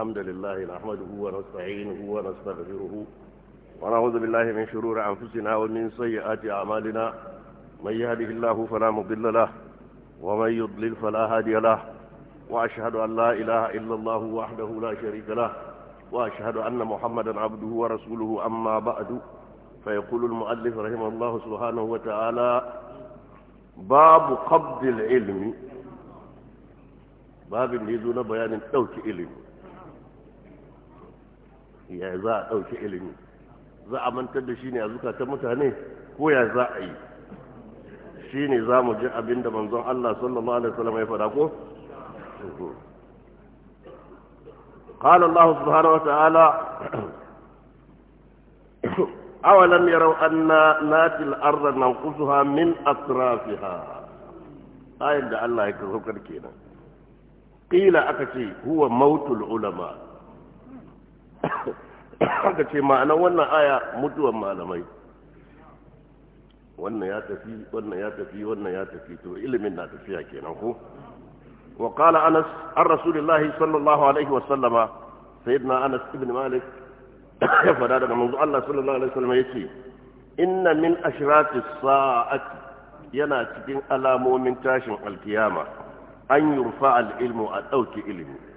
الحمد لله نحمده ونستعينه ونستغفره ونعوذ بالله من شرور أنفسنا ومن سيئات أعمالنا من يهده الله فلا مضل له ومن يضلل فلا هادي له وأشهد أن لا إله إلا الله وحده لا شريك له وأشهد أن محمدا عبده ورسوله أما بعد فيقول المؤلف رحمه الله سبحانه وتعالى باب قبض العلم باب da بيان التوكي na ya za a ɗauki ilimi za a mantar da shi ne a zukatan mutane ko ya za a yi shi ne za mu ji abin da manzon Allah sallallahu alaihi wasallam ya faɗa ko قال الله سبحانه وتعالى أولم يروا أن ناتي الأرض ننقصها من أطرافها آية الله يكرهك كده قيل أكشي هو موت العلماء haka ce ma'anar wannan aya mutuwan malamai wannan ya tafi wannan ya tafi wannan ya tafi to ilimin na tafiya kenan ko wa qala anas ar rasulullahi sallallahu alaihi wa sallama sayyidina anas ibn malik ya fada daga manzo Allah sallallahu alaihi wa sallama yace inna min ashratis sa'ati yana cikin alamomin tashin alkiyama an yurfa al ilmu a dauki ilimi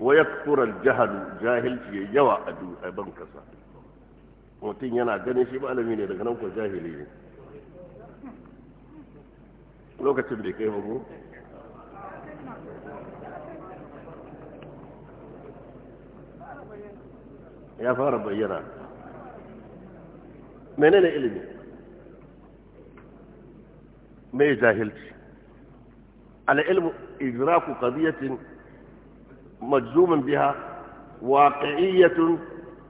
ويكثر الجهل جاهل في جوا ya yawa a ban mutum yana ganin shi malami ne daga nan ko jahili ne lokacin bai kai ba ya fara bayyana menene ilimi mai jahilci al-ilmu idraku qadiyatin مجزوم بها واقعية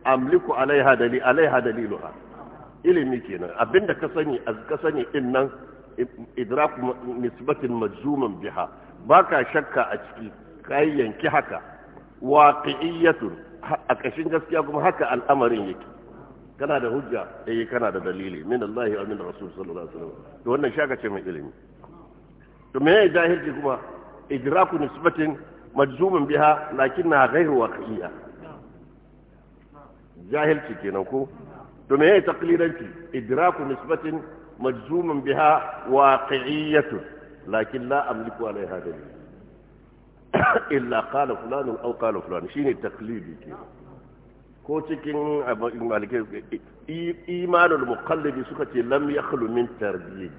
أملك عليها دليل عليها دليلها ilimi kenan abinda ka sani a ka sani din nan idrak nisbatin majzuman biha baka shakka a ciki kai yanki haka waqi'iyatun a kashin gaskiya kuma haka al'amarin yake kana da hujja eh kana da dalili min Allah wa min Rasul sallallahu alaihi wasallam to wannan shaka ce mai ilimi to me jahilci kuma idraku nisbatin majzumin biha lakinna ghairu waqiya jahilci kenan ko to me yayi taqlidanci idraku nisbatin majzumin biha waqi'iyyatun lakin la amliku alaiha dalil illa qala fulan aw qala fulan shine taqlidi kenan ko cikin malikai imanul muqallidi suka ce lam yakhlu min tarbiyyah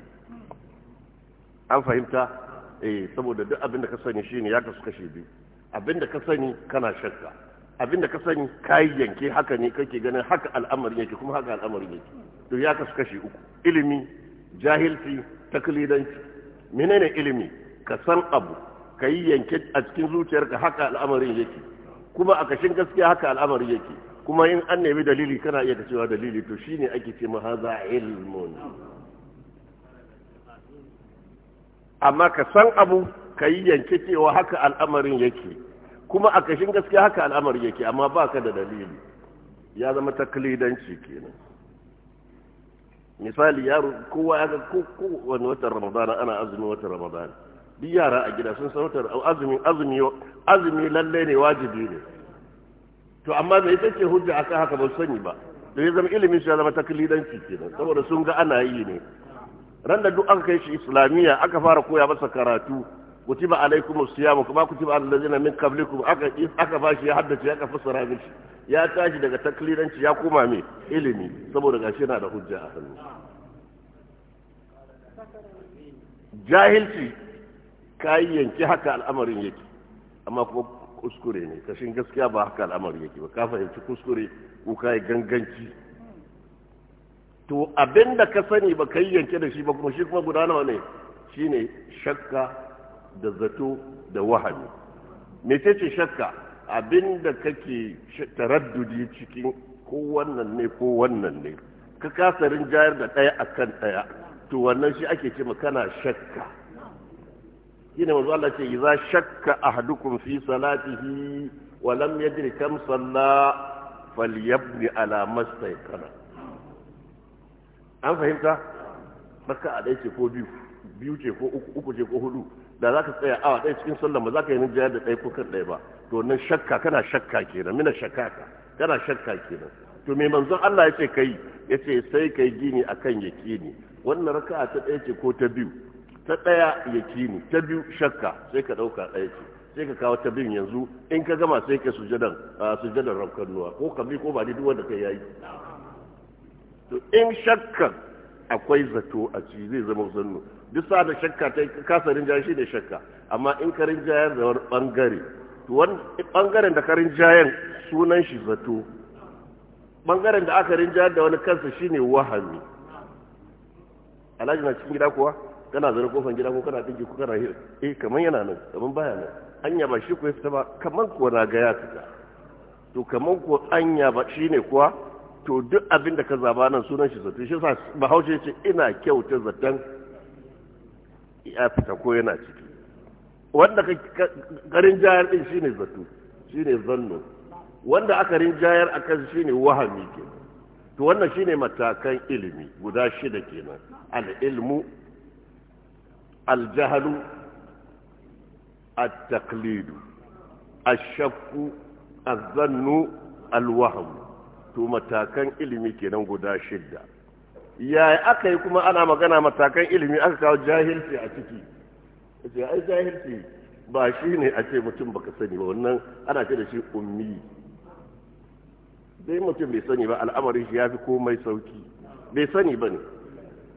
an fahimta eh saboda duk abin da ka sani shine ya kasu kashe biyu abin da ka sani kana shakka abin da ka sani yi yanke haka ne kake ganin haka al'amarin yake kuma haka al'amarin yake to ya kasu kashe uku ilimi jahilci taklidanci menene ilimi ka san abu ka yi yanke a cikin zuciyarka haka al'amarin yake kuma a kashin gaskiya haka al'amarin yake kuma in an nemi dalili kana iya cewa dalili to shine ake ce ma haza ilmun amma ka san abu ka yi yanke cewa haka al'amarin yake kuma a kashin gaskiya haka al'amarin yake amma ba ka da dalili ya zama taklidanci kenan misali yaro kowa ya ga kowane watan ramadana ana azumin watan ramadana duk yara a gida sun san watan azumi azumi azumi lalle ne wajibi ne to amma bai ita ce hujja akan haka ba sani ba da ya zama ilimin shi ya zama taklidanci kenan saboda sun ga ana yi ne ran da duk aka kai shi islamiyya aka fara koya masa karatu kutiba alaikum siyamu kuma kutiba alladhina min qablikum aka aka bashi ya haddace aka fassara mishi ya tashi daga takliranci ya koma me ilimi saboda gashi yana da hujja a hannu jahilci kayi yanki haka al'amarin yake amma kuma kuskure ne kashin gaskiya ba haka al'amarin yake ba ka fahimci kuskure ko kayi ganganci to abin da ka sani ba ka yi yanke da shi ba kuma shi kuma guda nawa ne shine shakka da zato da wahami mecece shakka abin da kake taraddudi cikin ko wannan ne ko ne ka kasa rinjayar da ɗaya a kan ɗaya to wannan shi ake ce kana shakka shi ne mazu Allah ce za shakka a hadukun fi salatihi wa lam yadri kam salla falyabni ala mastaqana an fahimta baka a ɗaya ce ko biyu biyu ce ko uku ce ko hudu da za ka tsaya a ɗaya cikin sallah ba za ka yi nin da ɗaya ko kan ɗaya ba to nan shakka kana shakka kenan mina shakka kana shakka kenan to me manzon Allah ya ce kai ya ce sai kai gini akan yakini wannan raka'a ta ɗaya ce ko ta biyu ta ɗaya yakini ta biyu shakka sai ka ɗauka ɗaya ce sai ka kawo ta biyun yanzu in ka gama sai ka sujadan sujadan rabkan ko ko kabi ko ba duk wanda kai yayi to in shakka akwai zato a ciki zai zama zannu duk sa da shakka ta kasa rinjaya shi da shakka amma in ka rinjayar da wani bangare to wani bangaren da ka rinjayar sunan shi zato bangaren da aka rinjayar da wani kansa shine wahami alhaji na cikin gida kuwa kana zana kofan gida ko kana ɗinki? ko kana hira eh kaman yana nan kaman baya nan anya ba shi ko ya fita ba kaman ko na ga ya fita to kaman ko anya ba shine kuwa to duk abin da ka zaba nan sunan shi zato shi sa bahaushe ce ina kyauta zaton ya fita ko yana ciki wanda karin jayar din shine zato shine zanno wanda aka rinjayar akan shine wahami ke to wannan shine matakan ilimi guda shida kenan al-ilmu al-jahlu at-taqlidu ash-shakku az-zannu al-wahmu to matakan ilimi kenan guda shidda ya aka yi kuma ana magana matakan ilimi aka kawo jahilci a ciki ce ai jahilci ba shi ne a ce mutum baka sani ba wannan ana ce da shi ummi dai mutum bai sani ba al'amarin shi ya fi komai sauki bai sani ba ne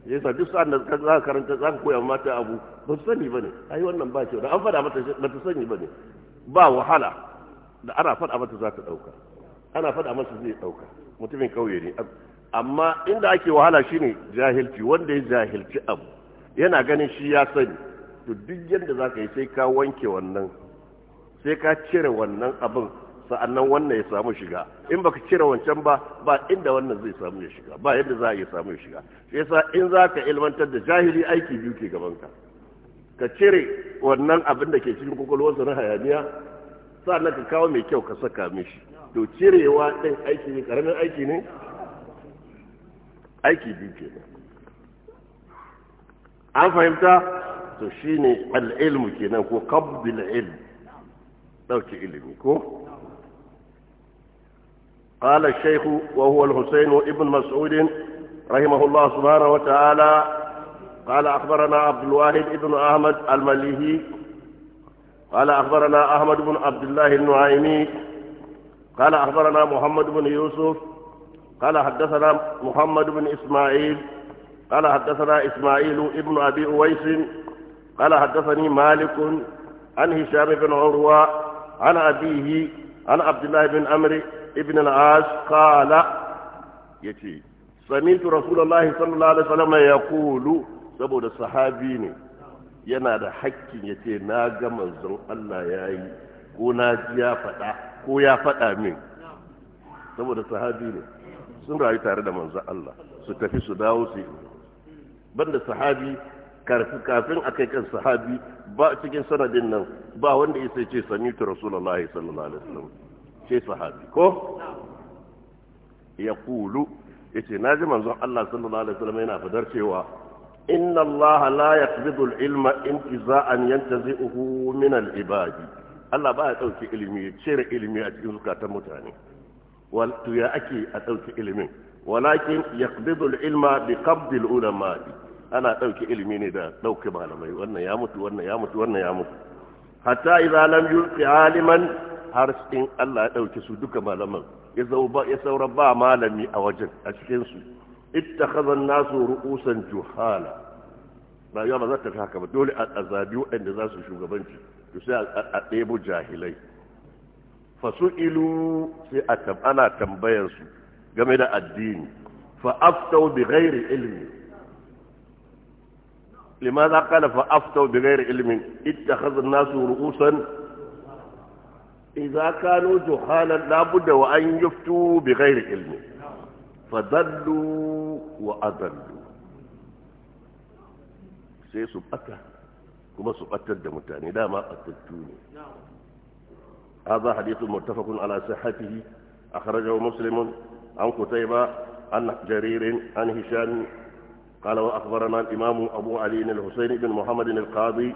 ya sa duk sa'an da za ka karanta za ka koya mata abu ba su sani ba ne ai wannan ba kyau da an faɗa mata ba ta sani ba ne ba wahala da ana faɗa mata za ta ɗauka ana faɗa masa zai ɗauka mutumin kauye ne amma inda ake wahala shine jahilci wanda ya jahilci abu yana ganin shi ya sani to duk yadda za ka yi sai ka wanke wannan sai ka cire wannan abin sa'annan wannan ya samu shiga in baka cire wancan ba ba inda wannan zai samu ya shiga ba yadda za a iya samu ya shiga shi yasa in za ka ilmantar da jahili aiki biyu ke gaban ka cire wannan abin da ke cikin kwakwalwarsa na hayaniya sa'annan ka kawo mai kyau ka saka mishi to cirewa ɗin aiki ne karamin aiki ne aiki biyu ke an fahimta to shi ne al'ilmu ke nan ko kabbil ilm ɗauki ilimi ko قال الشيخ وهو الحسين ابن مسعود رحمه الله سبحانه وتعالى قال أخبرنا عبد الواحد ابن أحمد المليهي قال أخبرنا أحمد بن عبد الله النعيمي قال أخبرنا محمد بن يوسف قال حدثنا محمد بن إسماعيل قال حدثنا إسماعيل ابن أبي أويس قال حدثني مالك عن هشام بن عروة عن أبيه عن عبد الله بن أمر ابن العاص قال يتي سمعت رسول الله صلى الله عليه وسلم يقول saboda sahabi ne yana da hakkin ya ce na ga manzon Allah ya yi ko na ji ya faɗa ko ya faɗa min saboda sahabi ne sun rayu tare da manzo Allah su tafi su dawo su yi banda sahabi kafin a kai kan sahabi ba cikin sanadin nan ba wanda ya sai ce sami tu rasulullah sallallahu alaihi wasallam ce sahabi ko ya kulu yace naji manzon Allah sallallahu alaihi wasallam yana fadar cewa inna Allah la yaqbidu al-ilma intiza'an yantazi'uhu min al-ibadi Allah ba ya ɗauki ilimi ya cire ilimi a cikin zukatan mutane wato ya ake a ɗauki ilimin walakin yaqbidu ilma bi qabdi ulama ana ɗauki ilimi ne da ɗauki malamai wannan ya mutu wannan ya mutu wannan ya mutu hatta idza lam yulqi aliman har in Allah ya ɗauki su duka malaman ya zauba ya saura ba malami a wajen a cikin su ittakhadha an-nasu ru'usan juhala ba ya ba za ta haka ba dole a azabi waɗanda za su shugabanci to sai a ɗebo jahilai fasu ilu sai a ana tambayar su game da addini fa aftau bi ghairi ilmi limaza qala fa aftau bi ghairi ilmi ita an-nasu ru'usan idza kanu juhalan la wa an yuftu bi ghairi ilmi fadallu wa adallu sai su ɓata. كما سقطت ɓatar لا ما قتلتوني هذا حديث متفق على صحته أخرجه مسلم عن قتيبة عن جرير عن هشام قال وأخبرنا الإمام أبو علي الحسين بن محمد القاضي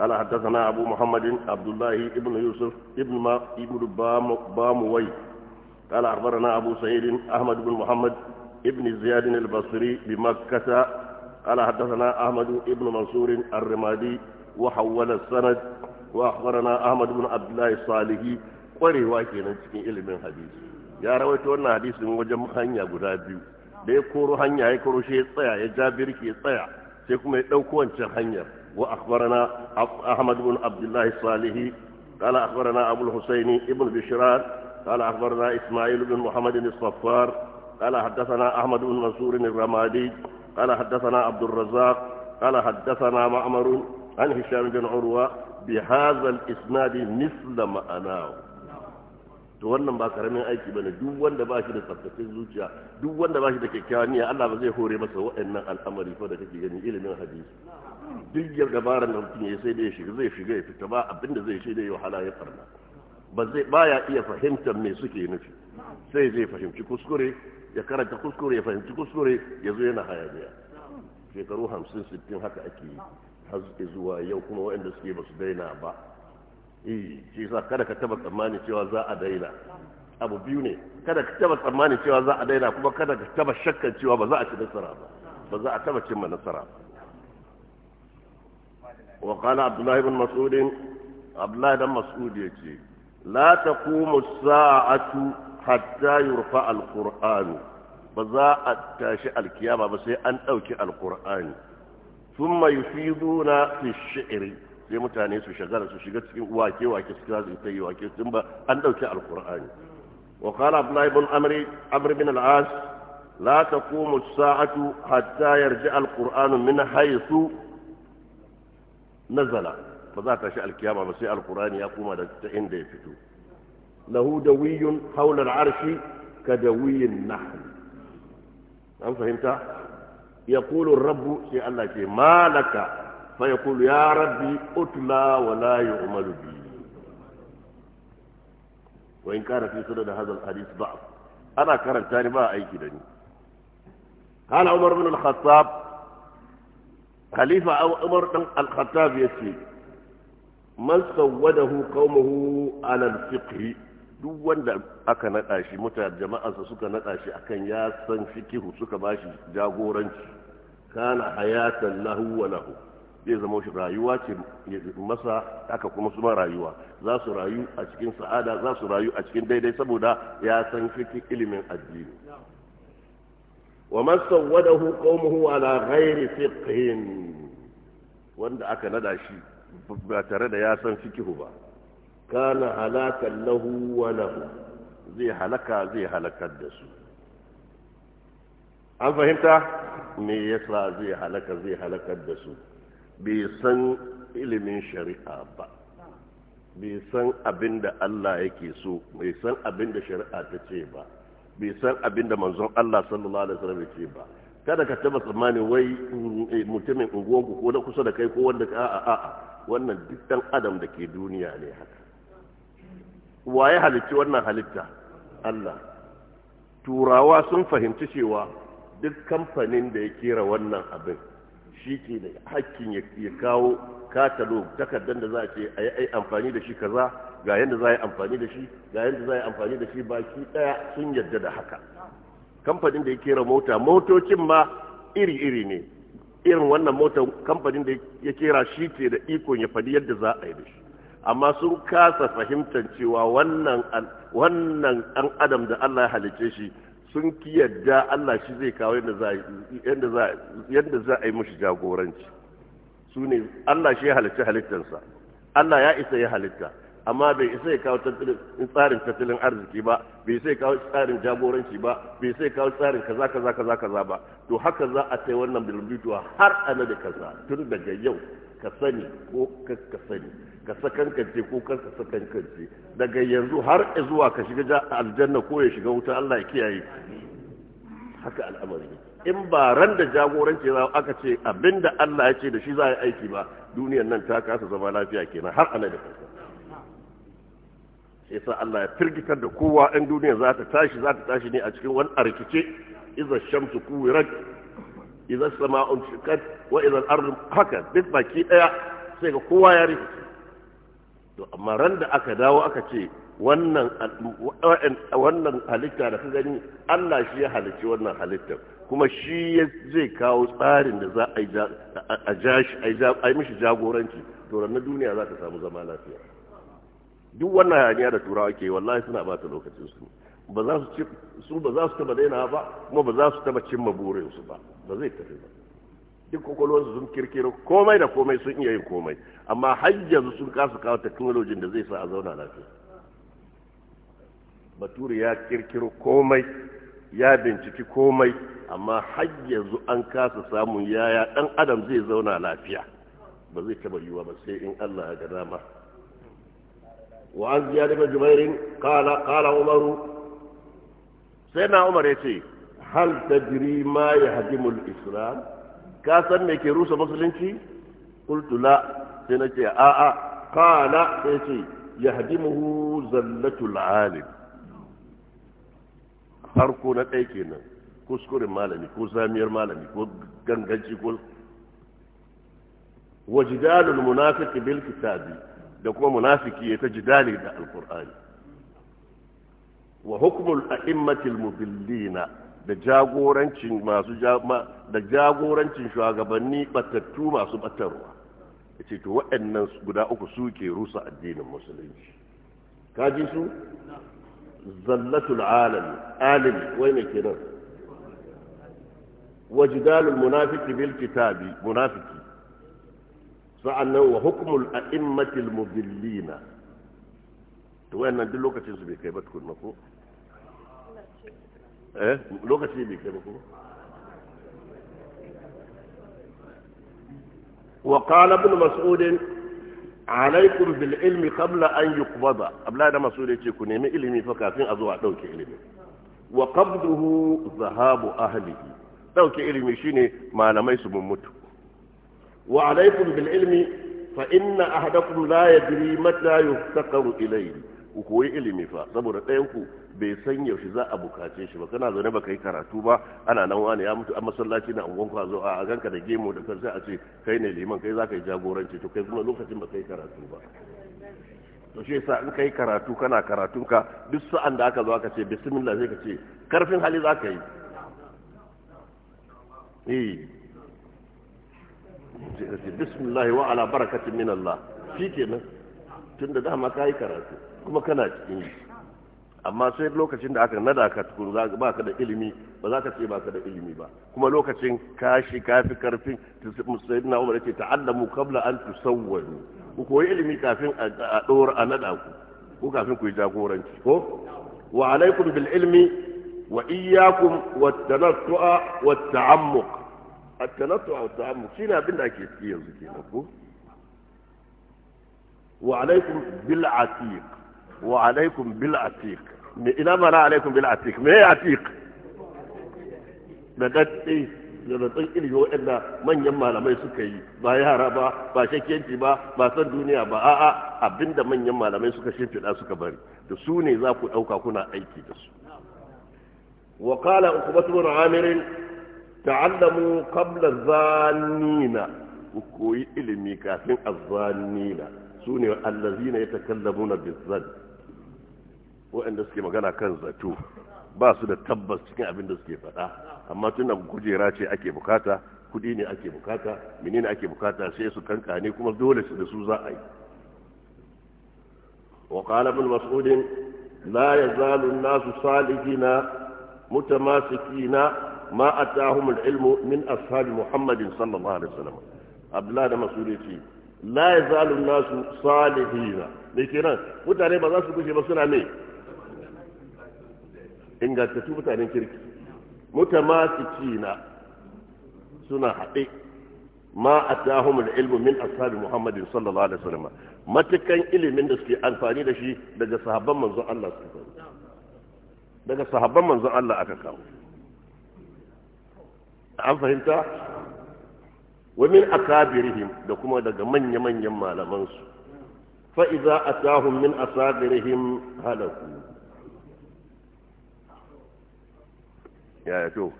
قال حدثنا أبو محمد عبد الله بن يوسف بن ما ابن بام باموي قال أخبرنا أبو سعيد أحمد بن محمد ابن زياد البصري بمكة قال حدثنا أحمد بن منصور الرمادي وحول السند وأخبرنا أحمد بن عبد الله الصالحي ƙwarewa kenan cikin ilimin hadisi ya rawaito wannan hadisin wajen hanya guda biyu da ya koro hanya ya koro shi ya tsaya ya ja birki ya tsaya sai kuma ya ɗauko wancan hanyar wa akhbarana ahmad bin abdullah salih قال اخبرنا ابو الحسين ابن بشرار قال اخبرنا اسماعيل بن محمد الصفار قال حدثنا احمد بن منصور الرمادي قال حدثنا عبد الرزاق قال حدثنا معمر عن هشام بن عروة بهذا الإسناد مثل معناه to wannan ba karamin aiki ba ne duk wanda ba shi da tsaftace zuciya duk wanda ba shi da kyakkyawan niyya Allah ba zai hore masa waɗannan al'amari ko da kake gani ilimin hadisi duk yar dabaran da mutum ya sai da ya shiga zai shiga ya fita ba abinda zai shi da ya wahala ya farna ba zai baya iya fahimtar me suke nufi sai zai fahimci kuskure ya karanta kuskure ya fahimci kuskure ya zo yana hayaniya shekaru hamsin sittin haka ake yi har zuwa yau kuma waɗanda suke ba su daina ba eh shi yasa kada ka taba tsammani cewa za a daina abu biyu ne kada ka taba tsammani cewa za a daina kuma kada ka taba shakkan cewa ba za a ci nasara ba ba za a taba cimma nasara ba wa عبد الله بن مسعود عبد الله بن yace la taqumu as-sa'atu حتى يرفع القرآن بزاء التاشع الكيابة بس أن أوكي القرآن ثم يفيدون في الشعر في متانيس وشغالة وشغالة واكي واكي سكراز يتي واكي ثم أن أوكي القرآن وقال ابن ابن أمري أمري بن العاس لا تقوم الساعة حتى يرجع القرآن من حيث نزل فذا تشاء الكيابة بس القرآن يقوم عند التئن ديفتو له دوي حول العرش كدوي النحل هل فهمت؟ يقول الرب شيء الله شيء ما لك فيقول يا ربي أتلى ولا يؤمل بي وإن كان في سنن هذا الحديث ضعف أنا كرم ثاني يعني ما أي كدني قال عمر بن الخطاب خليفة أو عمر بن الخطاب يسير من سوده قومه على الفقه duk wanda aka naɗa shi mutane jama'arsa suka naɗa shi akan ya san fikihu suka ba shi jagoranci kana hayatan lahu wa lahu zai zama shi rayuwa ce masa haka kuma su rayuwa za su rayu a cikin sa'ada za su rayu a cikin daidai saboda ya san fiki ilimin addini wa man qaumuhu ala ghairi fiqhin wanda aka nada shi ba tare da ya san fikihu ba kana halakan lahu wa lahu zai halaka zai halakar da su an fahimta me yasa zai halaka zai halakar da su bai san ilimin shari'a ba bai san abin da Allah yake so bai san abin da shari'a ta ce ba bai san abin da manzon Allah sallallahu alaihi wasallam ce ba kada ka taba tsammani wai mutumin unguwanku ko na kusa da kai ko wanda ka a'a a'a wannan duk dan adam da ke duniya ne haka waye halicci wannan halitta Allah turawa sun fahimci cewa duk kamfanin da ya kera wannan abin shi ke da hakkin ya kawo katalog takardar da za a ce a yi amfani da shi kaza ga yadda za a yi amfani da shi ga yadda za a yi amfani da shi baki daya sun yadda da haka kamfanin da ya kera mota motocin ma iri-iri ne irin wannan motar kamfanin da ya kera shi ke da ikon ya faɗi yadda za a yi da shi amma sun kasa fahimtar cewa wannan wannan ɗan adam da Allah ya halice shi sun ki yadda Allah shi zai kawo yadda za a yi mashi jagoranci su ne Allah shi ya halice halittarsa Allah ya isa ya halitta amma bai isa ya kawo tsarin tattalin arziki ba bai isa ya kawo tsarin jagoranci ba bai isa ya kawo tsarin kaza kaza kaza kaza ba to haka za a sai wannan bilbitu har ana da kaza tun daga yau ka sani ko ka sani ka kance ko kar ka sakan kance daga yanzu har zuwa ka shiga aljanna ko ya shiga wuta Allah ya kiyaye haka al'amari in ba ran da jagoranci za aka ce abinda Allah ya ce da shi za a aiki ba duniyar nan ta kasa zama lafiya kenan har anai da kanka sai sa Allah ya firgitar da kowa in duniya za ta tashi za ta tashi ne a cikin wani arkice iza shamsu kuwirat idza sama'un shakat wa haka duk baki daya sai ga kowa ya rikice to amma ran da aka dawo aka ce wannan wannan halitta da ka gani Allah shi ya halicci wannan halittar kuma shi zai kawo tsarin da za a ja shi a yi mishi jagoranci to na duniya za ta samu zama lafiya duk wannan hayaniya da turawa ke wallahi suna ba ta lokacin su ba za su su ba za su taba daina ba kuma ba za su taba cimma burinsu ba ba zai tafi ba duk kwakwalwarsu sun kirkiro komai da komai sun iya yin komai amma har sun kasa kawo teknolojin da zai sa a zauna lafiya baturi ya kirkiro komai ya binciki komai amma har an kasa samun yaya dan adam zai zauna lafiya ba zai taba yiwa ba sai in Allah ya ga dama وعن زياد بن جبير قال قال عمر sai na umar ya ce hal jiri ma yahdimul islam ka san me ke rusa musulunci kultula sai na ce a a kana sai ce muhu zallatul alim farko na ɗaya kenan kuskuren malami ko zamiyar malami ko ganganci ko wajidalul munafiki bil kitabi da kuma munafiki ya ta jidali da alqur'ani wa hukmul a'immatil mudillina da jagorancin masu da jagorancin shugabanni batattu masu batarwa yace to waɗannan guda uku suke rusa addinin musulunci ka ji su zallatul alam alim wai me kenan wajdalul munafiqi bil kitabi munafiqi sa'annan wa hukmul a'immatil mudillina to wannan duk lokacin su bai kai ba tukunna ko eh lokaci bai kai ba ko وقال ibn mas'ud alaikum bil ilmi qabla an yuqbada abla da mas'ud yace ku nemi ilimi fa kafin a zo a dauke ilimi wa qabduhu zahabu ahlihi dauke ilimi shine malamai su mun mutu wa alaikum bil ilmi fa inna ahadakum la yadri mata yuftaqaru ilayhi ku koyi ilimi fa saboda ɗayan ku bai san yaushe za a bukace shi ba kana zaune baka yi karatu ba ana nan wani ya mutu a masallaci na unguwan ku a zo a ganka da gemu da kansa a ce kai ne liman kai za ka yi jagoranci to kai kuma lokacin ba yi karatu ba to shi yasa in kai karatu kana karatunka duk sa'an da aka zo aka ce bismillah sai ka ce karfin hali za ka yi eh bismillah wa ala barakatin min Allah shi kenan tunda dama ka yi karatu kuma kana cikin shi amma sai lokacin da aka nada ka tukun ba ka da ilimi ba za ka ce ba ka da ilimi ba kuma lokacin kashi kafi karfin na umar yace ta'allamu kabla an tusawwadu ku koyi ilimi kafin a ɗora a nada ku ko kafin ku yi jagoranci ko wa alaikum bil ilmi wa iyyakum wat tanattu'a wat ta'ammuq at tanattu'a shine abin da ake ciki yanzu kenan ko wa alaikum bil atiq wa alaikun bil atiq me ina mana alaikun bil atiq me atiq da daddi da datsin ilimi waɗanda manyan malamai suka yi ba yara ba ba shakkiyanci ba ba san duniya ba a'a abinda manyan malamai suka shimfiɗa suka bari da su ne za ku ɗauka kuna aiki da su wa qala bin ta'allamu qabla zannina ku koyi ilimi kafin azzannina sune allazina yatakallamuna bizzan waɗanda suke magana kan zato ba su da tabbas cikin abin da suke faɗa amma tunan da kujera ce ake bukata kuɗi ne ake bukata menene ake bukata sai su kankane kuma dole su da su za a yi wa qala ibn mas'ud la yazalu nasu salihina mutamasikina ma atahum al-ilmu min ashab muhammad sallallahu alaihi wasallam abdullah da mas'ud yace la yazalu an-nasu salihina me kenan mutane ba za su gushe ba suna ne ingantattu mutanen kirki na suna haɗe ma atahumul ilmu min ashabi muhammadin sallallahu alaihi wasallam matukan ilimin da suke amfani da shi daga sahabban manzon Allah su kawo daga sahabban manzon Allah aka kawo an fahimta wa min akabirihim da kuma daga manya-manyan malaman su fa idza atahum min asabirihim halaku ya to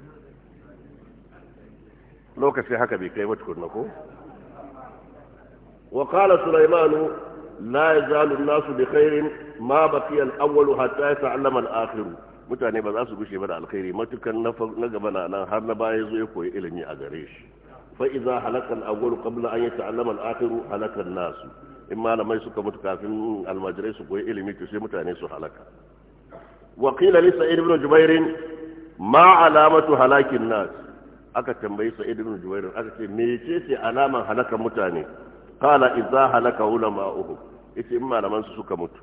lokaci haka bai kai ba tukunna ko wa qala sulaymanu la yazalu nasu bi khairin ma baqiya al-awwal hatta yata'allama al-akhir mutane ba za su gushe ba da alkhairi matukan na gaba na nan har na baya zo ya koyi ilimi a gare shi fa idza halaka al-awwal qabla an yata'allama al-akhir halaka nasu in malamai suka mutu kafin almajirai su koyi ilimi to sai mutane su halaka wa qila lisa ibn jubairin ma alamatu halakin nas aka tambayi sa'id ibn jubair aka ce mece ce alaman halakan mutane qala idza halaka ulama'uhum yace in malaman su suka mutu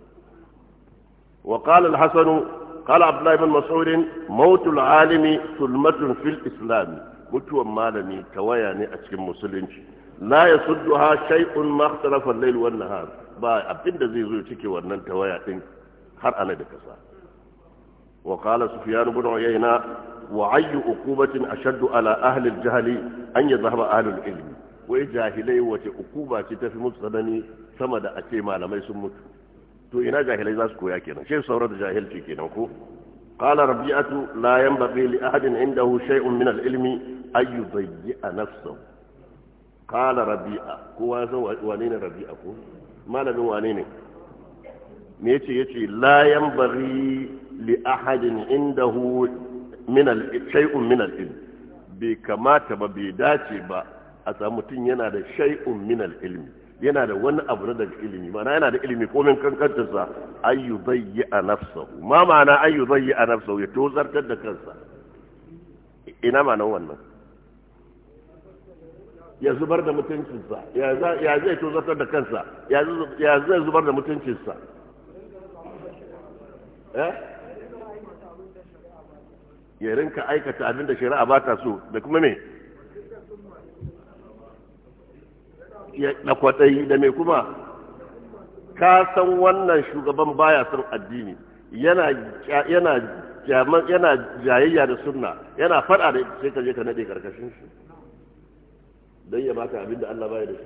wa qala al-hasan qala abdullah ibn mas'ud mautul alimi sulmatun fil islam mutuwan malami tawaya ne a cikin musulunci la yasudduha shay'un ma ikhtalafa al-layl wan nahar ba abinda zai zo cike wannan tawaya din har ana da kasa وقال سفيان بن عيينة وعي أقوبة أشد على أهل الجهل أن يذهب أهل العلم وجاهلي وعقوبة تفي مصدني سمد أتيما لما يسمت تو إنا جاهلي ذاس كويا كنا شيء صورة جاهل في كنا قال ربيعة لا ينبغي لأحد عنده شيء من العلم أن يضيع نفسه قال ربيعة كوازا وانين ربيعة كو ما نبي وانين me yace yace la yanbaghi li ahadin indahu min al shay'un min al ilm bai kamata ba bai dace ba a samu mutum yana da shay'un min al ilmi yana da wani abu na daga ilimi mana yana da ilimi komin sa ayyu bayyi a nafsahu ma ma'ana ayyu bayyi a nafsahu ya tozartar da kansa ina ma'anar wannan ya zubar da mutuncinsa ya zai tozartar da kansa ya zai zubar da mutuncinsa yarin ka aikata abin da shari'a ba ta so da kuma me da kwaɗayi da me kuma ka san wannan shugaban baya son addini yana yana jayayya da sunna yana faɗa da sai ka je ka nade karkashin shi don ya baka abin da Allah baya da shi.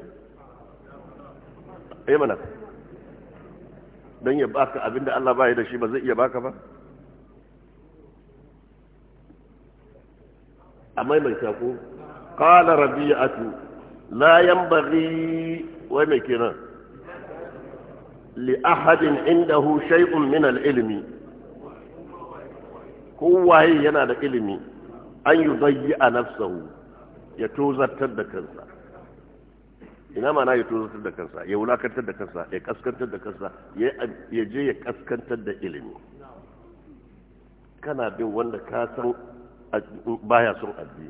Eh, don ya baka abinda Allah ba da shi ba zai iya baka ba a maimaita ko qala rabi'atu la yanbaghi wai mai kenan li ahadin indahu shay'un min al-ilmi kowaye yana da ilimi an yi yudayyi a nafsahu ya tozartar da kansa ina ma na ya tozartar da kansa ya wulakantar da kansa ya kaskantar da kansa ya je ya kaskantar da ilimi kana bin wanda ka san baya son addini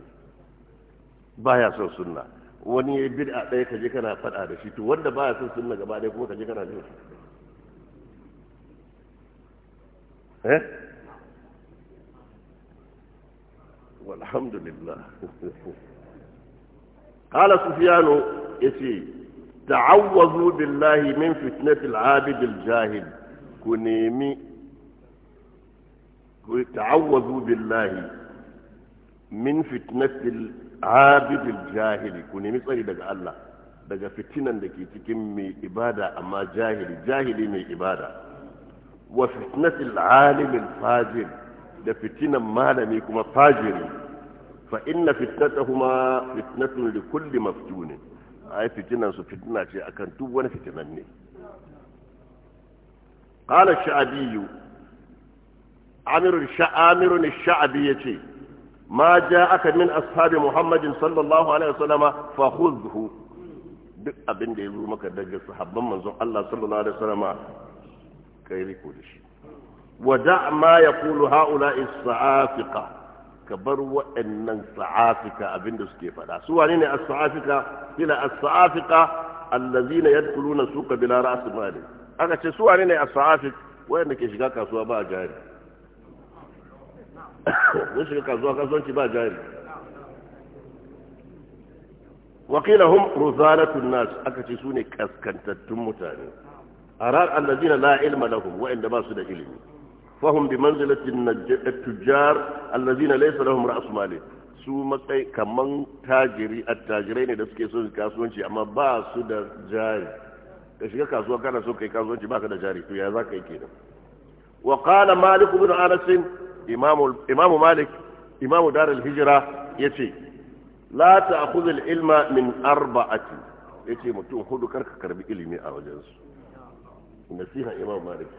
baya son sunna wani ya bid'a ɗaya ka kana faɗa da shi to wanda baya son sunna gaba ɗaya kuma kaje kana jin shi eh walhamdulillah qala sufyanu yace ta'awwazu billahi min fitnatil abidil jahil ku nemi ku ta'awwazu billahi min fitnatil abidil jahil ku nemi tsari daga Allah daga fitinan da ke cikin mai ibada amma jahili jahili mai ibada wa fitnatil alimil fajir da fitinan malami kuma fajiri fa inna fitnatahuma fitnatun likulli maftunin ai fitinan su fitina ce akan duk wani fitinan ne qala sha'abi amirun sha'amir ya ce ma ja aka min ashabi muhammadin sallallahu alaihi wasallama fa khudhu duk abin da yazo maka daga sahabban manzon Allah sallallahu alaihi wasallama kai riko da shi wa da' ma yaqulu ha'ula'i as-sa'afiqa ka bar waɗannan sa'afika abinda suke faɗa su wane ne as-sa'afika ila as-sa'afika allazina yadkhuluna suka bila ra's mali aka ce su wane ne as-sa'afik wanda ke shiga kasuwa ba jari mun shiga kasuwa kasuwanci ba jari wakila hum ruzalatun nas aka ce su ne kaskantattun mutane arar allazina la ilma lahum wa'anda ba su da ilimi fahim bi manzilatin tujjar allazina laysa lahum ra'su su matsayi kaman tajiri tajirai ne da suke so kasuwanci amma ba su da jari ka shiga kasuwa kana so kai kasuwanci baka da jari to ya za ka yi kenan wa qala malik ibn anas imam imam malik imam dar al hijra yace la ta'khudh al ilma min arba'ati yace mutum hudu karka karbi ilimi a wajensu nasiha imam malik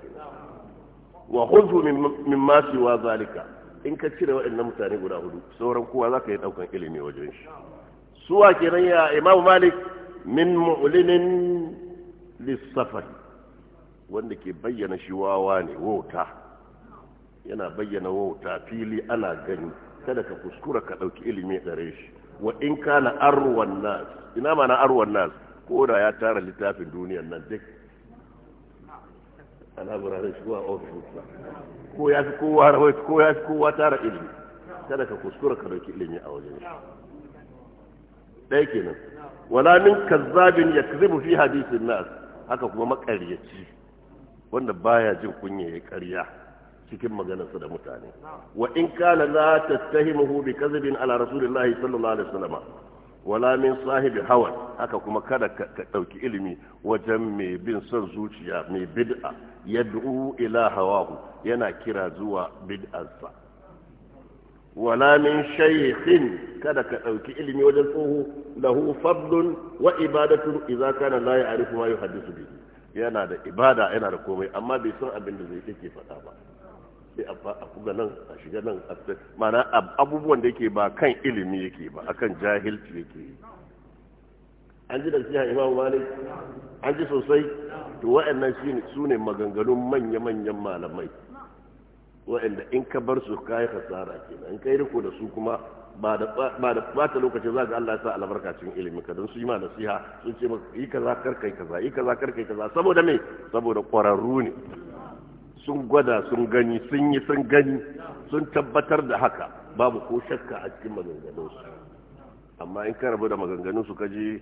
wa khudhu min ma wa zalika in ka cire waɗannan mutane guda hudu sauran kowa zaka yi daukan ilimi wajen shi suwa kenan ya imamu malik min mu'linin lissafari wanda ke bayyana shi wawa ne wauta yana bayyana wauta fili ana gani kada ka kuskura ka ɗauki ilimi ɗare shi wa in kana arwan nas ina mana arwan nas ko da ya tara littafin duniyar nan duk ana guraren shigowa ofishin su ko ya fi kowa rahoto ko ya fi kowa tara ilimi kada ka kuskura ka dauki ilimi a wajen shi ɗaya kenan wala min kazzabin yakzibu fi hadisin nas haka kuma makaryaci wanda baya jin kunya ya karya cikin maganarsa da mutane wa in kana la tattahimuhu bi kadhibin ala rasulillahi sallallahu alaihi wasallam wala min sahibi hawan haka kuma kada ka ɗauki ilimi wajen mai bin son zuciya mai bid'a yad'u ila hawahu yana kira zuwa bid'arsa wala min shaykhin kada ka ɗauki ilimi wajen tsoho lahu fadlun wa ibadatu idza kana la ya'rifu ma yuhaddisu bihi yana da ibada yana da komai amma bai san abin da zai yake faɗa ba sai a buga nan a shiga nan mana abubuwan da yake ba kan ilimi yake ba akan jahilci yake yi an ji nasiha imam malik an ji sosai to wa'annan su ne maganganun manya-manyan malamai wa'anda in ka bar su kayi hasara kenan in kai riko da su kuma ba da ta lokacin za ga Allah ya sa albarka cikin ilimi ka don su yi ma nasiha sun ce maka yi kaza kar kaza yi kaza kar kaza saboda me saboda ƙwararru ne sun gwada sun gani sun yi sun gani sun tabbatar da haka babu ko shakka a cikin maganganunsu amma in ka rabu da maganganunsu ka ji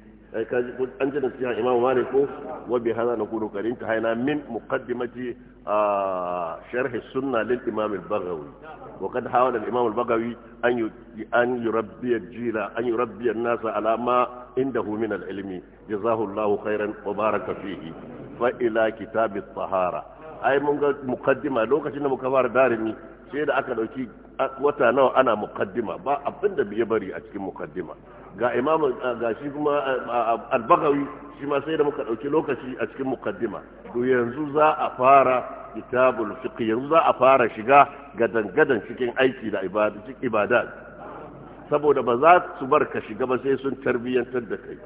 an ji nasiha imamu malik ko wa bi hada na kudu karin ta haina min muqaddimati a sharh sunna lil imam al-baghawi wa kad hawala al-imam al-baghawi an yu an yurabbi al-jila an yurabbi an-nasa ala ma indahu min al-ilmi jazahu allah khairan wa baraka fihi fa ila kitab at-tahara ai mun ga mukaddima lokacin da muka fara darimi sai da aka dauki wata nawa ana mukaddima ba abin da biye bari a cikin mukaddima ga imamu ga shi kuma al shi ma sai da muka dauki lokaci a cikin mukaddima to yanzu za a fara kitabul fiqh yanzu za a fara shiga gadan gadan cikin aiki da ibada ibada saboda ba za su bar ka shiga ba sai sun tarbiyyantar da kai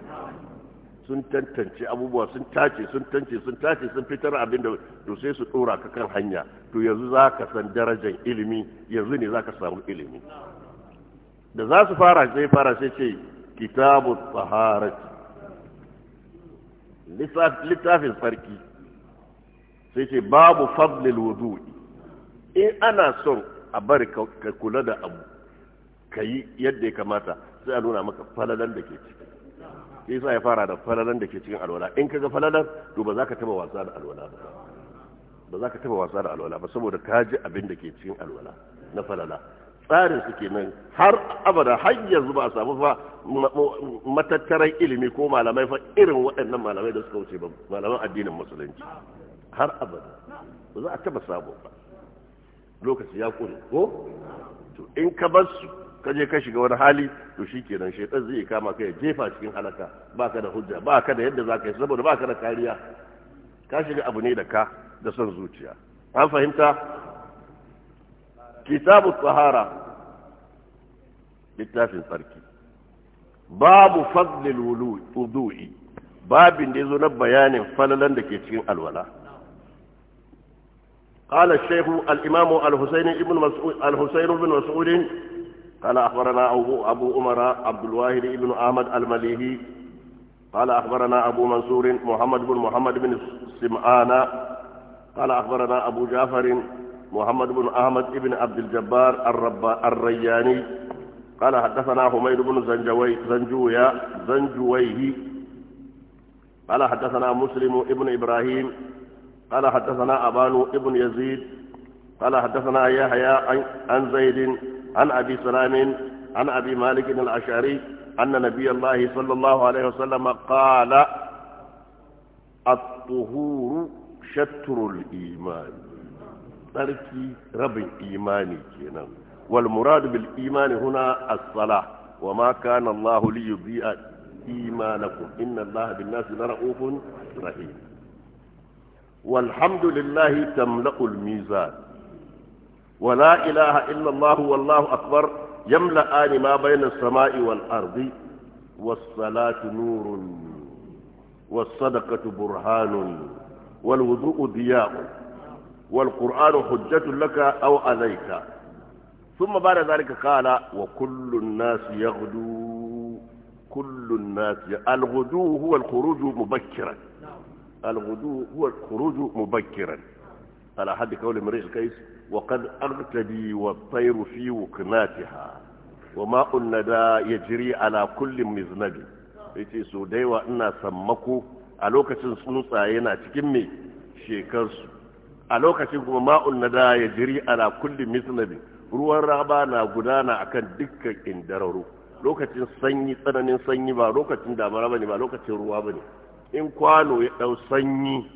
sun tantance abubuwa sun tace sun tance sun tace sun fitar abin da to sai su dora ka kan hanya to yanzu za ka san darajar ilimi yanzu ne za ka samu ilimi da za su fara sai fara sai ce kitabu taharat littafin sarki sai ce babu fadlil wudu'i in ana son a bari ka kula da abu ka yadda ya kamata sai a nuna maka falalan da ke ciki yasa ya fara da falalan da ke cikin alwala in kaga falalan to ba za ka taba wasa da alwala ba ba za ka taba wasa da alwala ba saboda ka ji abin da ke cikin alwala na falala tsarin su kenan har abada har yanzu ba a samu fa matattaran ilimi ko malamai fa irin waɗannan malamai da suka wuce ba malaman addinin musulunci har abada ba za a taba sabo ba lokaci ya kure ko to in ka bar su ka je ka shiga wani hali to shi kenan shaitan zai kama ka ya jefa cikin halaka ka da hujja ba ka da yadda za ka yi saboda ba ka da kariya ka shiga abu ne da ka da son zuciya an fahimta kitabu tsahara littafin tsarki babu fadlil wudu'i babin da zo na bayanin falalan da ke cikin alwala قال الشيخ الإمام الحسين ابن مسعود الحسين بن مسعود قال أخبرنا أبو, أبو أمر عبد الواحد بن أحمد المليهي قال أخبرنا أبو منصور محمد بن محمد بن سمعان قال أخبرنا أبو جعفر محمد بن أحمد بن عبد الجبار الربا الرياني قال حدثنا حميد بن زنجوي زنجويا زنجويه قال حدثنا مسلم ابن إبراهيم قال حدثنا أبان ابن يزيد قال حدثنا يحيى عن زيد عن أبي سلام عن أبي مالك الأشعري أن نبي الله صلى الله عليه وسلم قال الطهور شطر الإيمان تركي رب إيماني والمراد بالإيمان هنا الصلاة وما كان الله ليضيء إيمانكم إن الله بالناس لرؤوف رحيم والحمد لله تملأ الميزان ولا إله إلا الله والله أكبر يملأان ما بين السماء والأرض والصلاة نور والصدقة برهان والوضوء ضياء والقرآن حجة لك أو عليك ثم بعد ذلك قال وكل الناس يغدو كل الناس الغدو هو الخروج مبكرا الغدو هو الخروج مبكرا على حد قول امرئ القيس وقد أغتدي والطير في وكناتها وماء الندى يجري على كل مزنب yace so da yawa ina sammako a lokacin tsuntsaye na cikin mai shekarsu a lokacin kuma ma'un na da ya jiri ala kulli misnabi ruwan raba na gudana akan dukkan indararo lokacin sanyi tsananin sanyi ba lokacin damara bane ba lokacin ruwa bane in kwano ya dau sanyi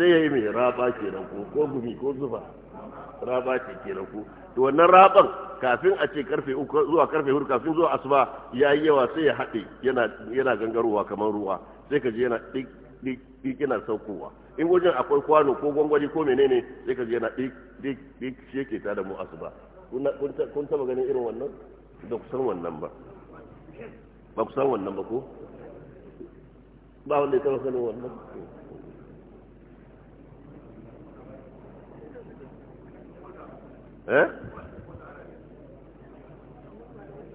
sai ya yi mai raba kenan ko gumi ko zuba raba ce kenan ku to wannan raban kafin a ce karfe uku zuwa karfe hudu kafin zuwa asuba ya yi yawa sai ya haɗe yana yana gangarowa kamar ruwa sai ka je yana ɗik ɗik yana saukowa in wajen akwai kwano ko gwangwani ko menene sai ka je yana ɗik ɗik shi yake ta da mu asuba kun taba ganin irin wannan da ku san wannan ba ba ku san wannan ba ko ba wanda ya taba sanin wannan Eh?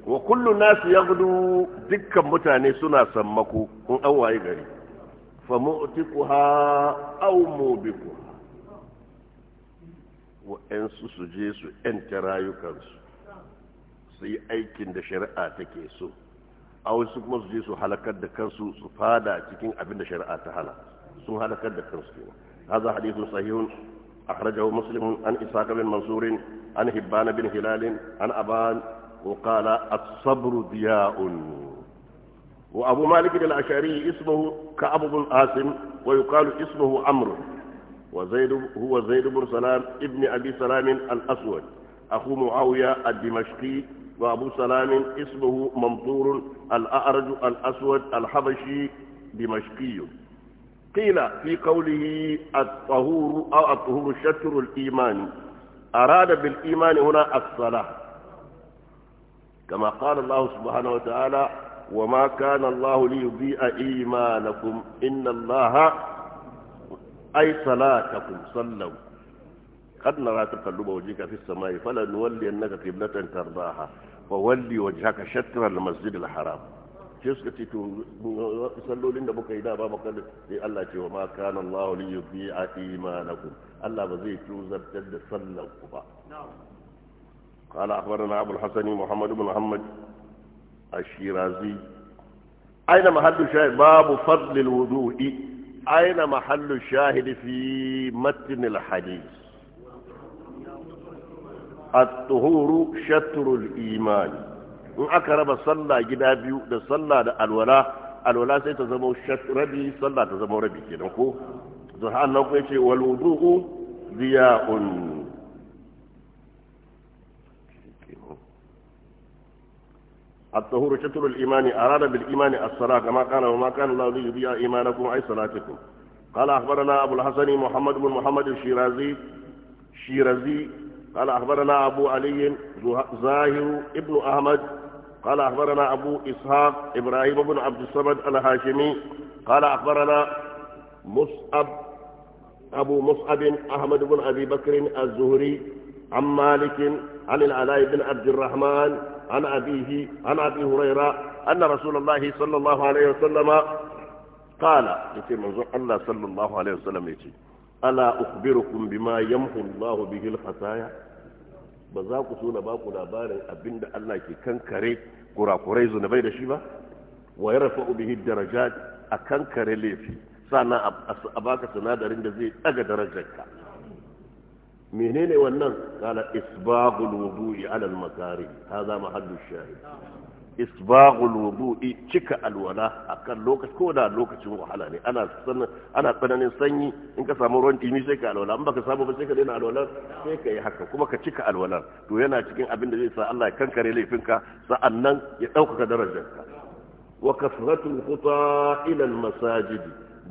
wa kullu nasu ya gudu dukkan mutane suna sammako in an waye gari fa ha aw wa wa'ansu su je su yanta rayukansu su yi aikin da shari'a take so a wasu kuma su je su halakar da kansu su fada cikin abin da shari'a ta hala sun halakar da kansu kenan haza hadithun sahihun أخرجه مسلم عن إسحاق بن منصور عن هبان بن هلال عن أبان وقال الصبر ضياء وأبو مالك الأشعري اسمه كعب بن آسم ويقال اسمه عمرو وزيد هو زيد بن سلام ابن أبي سلام الأسود أخو معاوية الدمشقي وأبو سلام اسمه منصور الأعرج الأسود الحبشي دمشقي قيل في قوله الطهور أو الطهور شطر الإيمان أراد بالإيمان هنا الصلاة كما قال الله سبحانه وتعالى وما كان الله ليضيء إيمانكم إن الله أي صلاتكم صلوا قد نرى تقلب وجهك في السماء فلنولي أنك قبلة ترضاها فولي وجهك شطر المسجد الحرام sai suka ce to sallolin da muka yi da ba maka sai Allah ce wa ma kana Allah li yudhi'a imanakum Allah ba zai tuzartar da sallar ku ba قال أخبرنا أبو الحسن محمد بن محمد الشيرازي أين محل الشاهد باب فضل الوضوء أين محل الشاهد في متن الحديث الطهور شطر الإيمان in aka raba sallah gida biyu da sallah da alwala alwala sai ta zama rabi sallah ta zama rabi kenan ko zuhan Allah kuma yace wal wudu'u ziya'un الطهور شطر الإيمان أراد بالإيمان الصلاة كما قال وما كان الله ليضيع إيمانكم أي صلاتكم قال أخبرنا أبو الحسن محمد بن محمد الشيرازي shirazi قال أخبرنا أبو علي زاهر ابن أحمد قال أخبرنا أبو إسحاق إبراهيم بن عبد الصمد الهاشمي قال أخبرنا مصعب أبو مصعب أحمد بن أبي بكر الزهري عن مالك عن العلاء بن عبد الرحمن عن أبيه عن أبي هريرة أن رسول الله صلى الله عليه وسلم قال يتي منظور الله صلى الله عليه وسلم يتي ألا أخبركم بما يمحو الله به الخطايا ba za ku so na ba ku labarin abin da Allah ke kankare kurakurai zunubai da shi ba wa ya rafa ubihi daraja a kankare laifi sannan a baka sinadarin da zai daga darajarka menene wannan kala isbaghul wudu'i ala al-makari hadha mahallu shahid isbagu wudu'i cika alwala akan lokaci ko da lokacin wahala ne ana san ana tsananin sanyi in ka samu ruwan dimi sai ka alwala in baka samu ba sai ka daina alwala sai ka yi haka kuma ka cika alwala to yana cikin abin da zai sa Allah ya kankare laifinka sa'annan ya ɗaukaka darajarka wa kasratul khuta ila masajid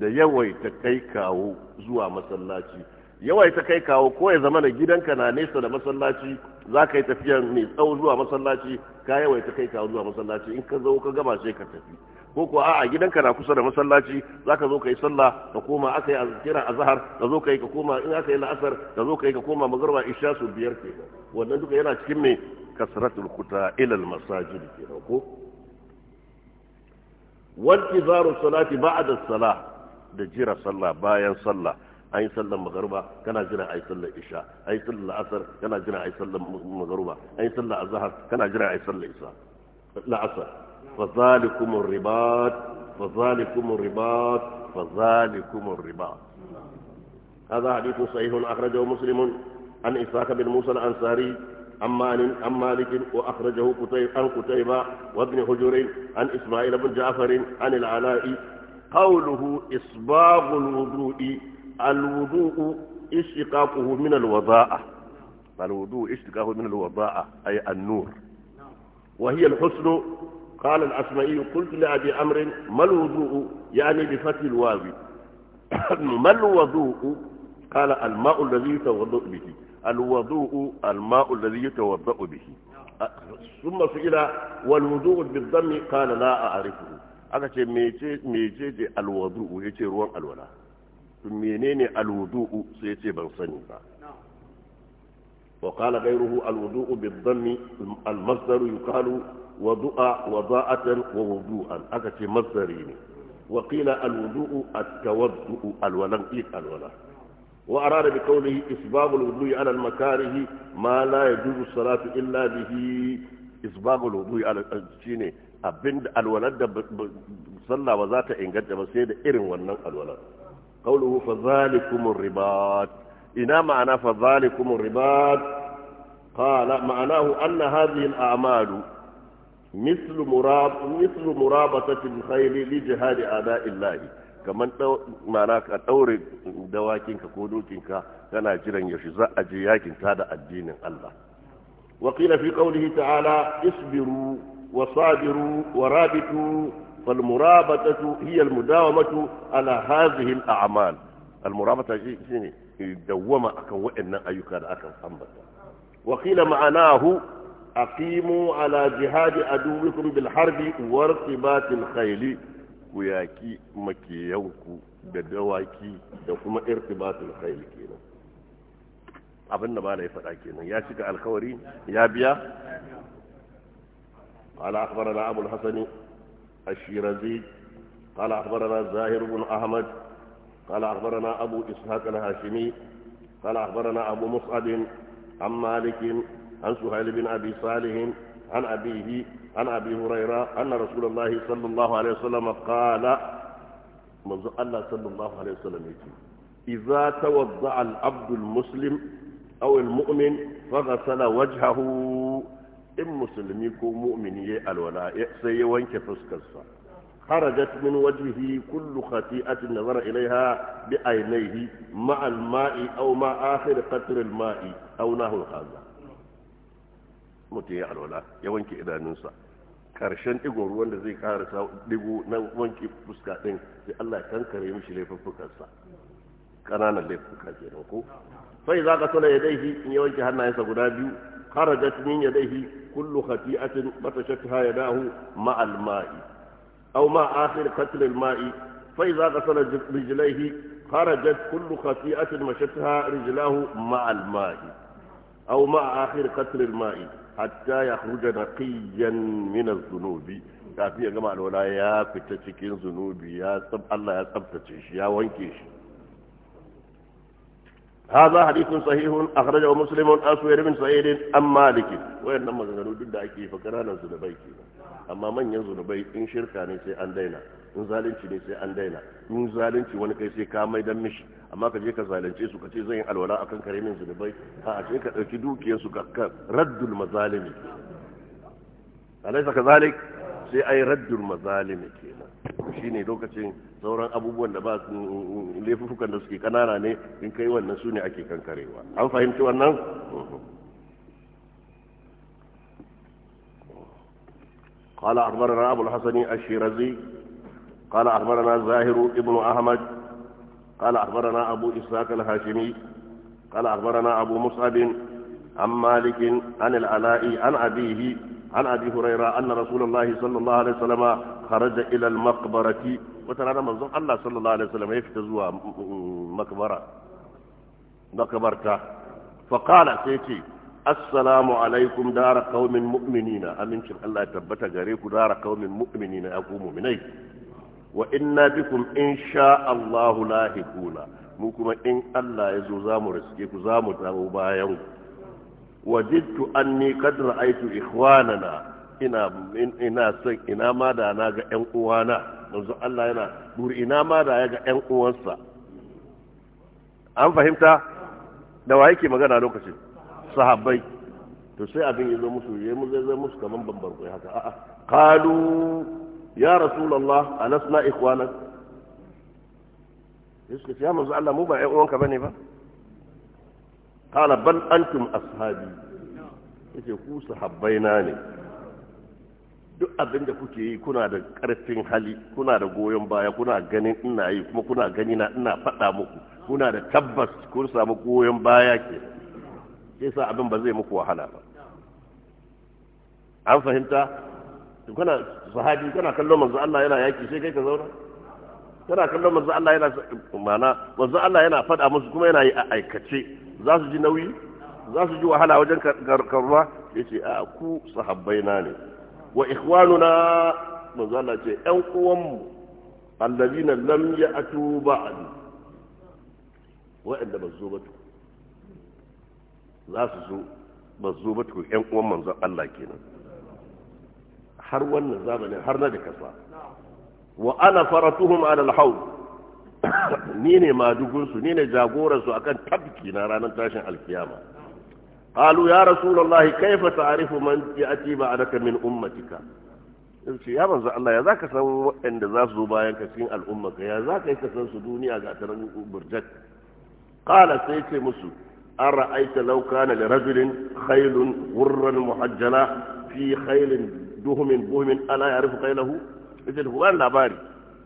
da yawaita kai kawo zuwa masallaci yawaita kai kawo ko ya zama gidanka na nesa da masallaci za ka yi tafiyar mai tsawo zuwa masallaci ka yawaita kai ka zuwa masallaci in ka zo ka gama sai ka tafi ko kuwa a'a gidanka na kusa da masallaci za ka zo ka yi sallah ka koma aka yi kira azhar ka zo ka yi ka koma in aka yi la'asar ka zo ka yi ka koma magarba isha su biyar ke wannan duka yana cikin mai kasratul kuta ilal masajid ke ko zarar salati ba'da salah da jira sallah bayan sallah أي yi sallar كان جرى أي a yi أي isha العصر كان جرى أي kana jira أي yi الظهر كان جرى أي sallar azahar العصر فذلكم الرباط فذلكم الرباط فذلكم الرباط هذا حديث صحيح أخرجه مسلم عن إسحاق بن موسى الأنصاري عن مالك وأخرجه كتيب عن قتيبة وابن حجر عن إسماعيل بن جعفر عن العلاء قوله إصباغ الوضوء الوضوء اشتقاقه من الوضاءة الوضوء اشتقاقه من الوضاءة أي النور وهي الحسن قال الأسمعي قلت لأبي أمر ما الوضوء يعني بفتح الواو ما الوضوء قال الماء الذي يتوضأ به الوضوء الماء الذي يتوضأ به ثم سئل والوضوء بالضم قال لا أعرفه هذا شيء ميجي ميجي الوضوء يجي روان الولاه menene alwudu'u sai ce ban sani ba wa qala ghayruhu alwudu'u bid-dammi yuqalu wadu'a wada'atan wa wudu'an aka ce masdari ne wa qila alwudu'u at alwalan ik alwala wa arada bi qawlihi isbabul wudu'i ala ma la yajuzu salatu illa bihi isbabul wudu'i ala shine abinda alwalar da sallah ba za ta inganta ba sai da irin wannan alwalar قوله فذلكم الرباط إنا معنى فذلكم الرباط قال معناه أن هذه الأعمال مثل مراب مثل مرابطة الخيل لجهاد أعداء الله كما معناك أوري دواكين كقولوكين كا كان أجرا يشزاء أجياكين كذا الدين الله وقيل في قوله تعالى اصبروا وصابروا ورابطوا فالمرابطة هي المداومة على هذه الأعمال المرابطة شيء يدوم أكن وإن كان أكن أمبت وقيل معناه أقيموا على جهاد عدوكم بالحرب وارتباط الخيل وياكي مكيوكو بدواكي وكما ارتباط الخيل كينا abin ما لا ya يا kenan الخوري يا بيا ya أخبرنا أبو akhbarana الشيرازي قال أخبرنا زاهر بن أحمد قال أخبرنا أبو إسحاق الهاشمي قال أخبرنا أبو مصعب عن مالك عن سهيل بن أبي صالح عن أبيه عن أبي هريرة أن رسول الله صلى الله عليه وسلم قال منذ الله صلى الله عليه وسلم إذا توضع العبد المسلم أو المؤمن فغسل وجهه in musulmi ko mu'mini ya alwala sai ya wanke fuskarsa khati'atin nazara وجهه bi خطيئة نظر al ma'i aw ma akhir qatr al-ma'i aw أو نحو mutu ya alwala ya wanke idanunsa karshen ruwan wanda zai karasa digo na wanke fuska din sai Allah ya kankare mishi laifuffukansa kananan laifuffuka kenan ko fa idza qatala yadayhi in ya wanke hannayensa guda biyu kharajat min yadayhi كل خطيئة بطشتها يداه مع الماء أو مع آخر قتل الماء فإذا غسل رجليه خرجت كل خطيئة مشتها رجلاه مع الماء أو مع آخر قتل الماء حتى يخرج نقيا من الذنوب كافية جماعة الولايات في تشكين ذنوب يا سب الله يا سب تشيش يا وينكيش هذا حديث صحيح أخرجه مسلم عن سوير بن سعيد عن مالك وإنما duk ضد ake فكرانا ذنبي أما من يذنبي إن شركا نسي أن دينا in zalunci ne sai an daina in zalunci wani kai sai ka mai dan mishi amma ka je ka zalunce su ka ce zan yi alwala akan kare min zunubai a a ce ka dauki dukiyar su ka raddul mazalimi alaisa ka zalik sai ai raddul mazalimi kenan shine lokacin sauran abubuwan da ba laifukan da suke kanana ne in kai wannan su ne ake kankarewa an fahimci wannan قال أخبرنا أبو الحسن ahmad قال أخبرنا زاهر ابن أحمد قال أخبرنا أبو إسحاق الهاشمي قال أخبرنا أبو مصعب عن مالك عن العلاء عن أبيه عن أبي هريرة أن رسول الله صلى الله عليه وسلم kharaja ila al-maqbarati wata rana manzon Allah sallallahu alaihi wasallam ya fita zuwa mm, mm, makbara makabarta fa qala sai ce assalamu alaikum dara qaumin mu'minina amincin Allah ya tabbata gare ku dara qaumin mu'minina ya ku mu'minai wa inna bikum insha Allah lahiquna mu kuma in Allah ya zo zamu riske ku zamu mu bayan ku wajidtu anni qad ra'aytu ikhwanana ina ina son ina ma da na ga yan uwana manzo Allah yana buri ina ma da ya ga yan uwansa an fahimta da wa yake magana lokacin sahabbai to sai abin ya zo musu ya mu zai zai musu kaman bambar kai haka a'a qalu ya rasulullah alasna ikhwanak yusuf ya manzo Allah mu ba yan uwanka bane ba qala bal antum ashabi yake ku na ne duk abin da kuke yi kuna da karfin hali kuna da goyon baya kuna ganin ina yi kuma kuna gani na ina faɗa muku kuna da tabbas kun samu goyon baya ke sai sa abin ba zai muku wahala ba an fahimta kana sahabi kana kallon manzo Allah yana yaki sai kai ka zauna kana kallon manzo Allah yana mana manzo Allah yana faɗa musu kuma yana yi a aikace za su ji nauyi za su ji wahala wajen karuwa yace a ku sahabbai na ne wa ikhwanuna manzo Allah ce ƴan uwanmu allazina lam ya'tu ba'd wa'anda ba zo ba to za su zo ba zo ba to ƴan uwan manzo Allah kenan har wannan zamanin har na da kasa wa ana faratuhum ala al-hawd ni ne madugunsu ni ne jagoransu akan tabki na ranar tashin alkiyama قالوا ya rasulallah الله كيف تعرف من يأتي بعدك من أمتك ce ya manzo Allah ya zaka san waɗanda zasu zo bayan ka cikin al'umma ka ya zaka yi ka san su duniya ga taron burjak qala sai ce musu an ra'aita law kana li rajulin khaylun ghurran muhajjala fi khaylin duhumin buhumin ala ya'rifu khaylahu ita da kuma labari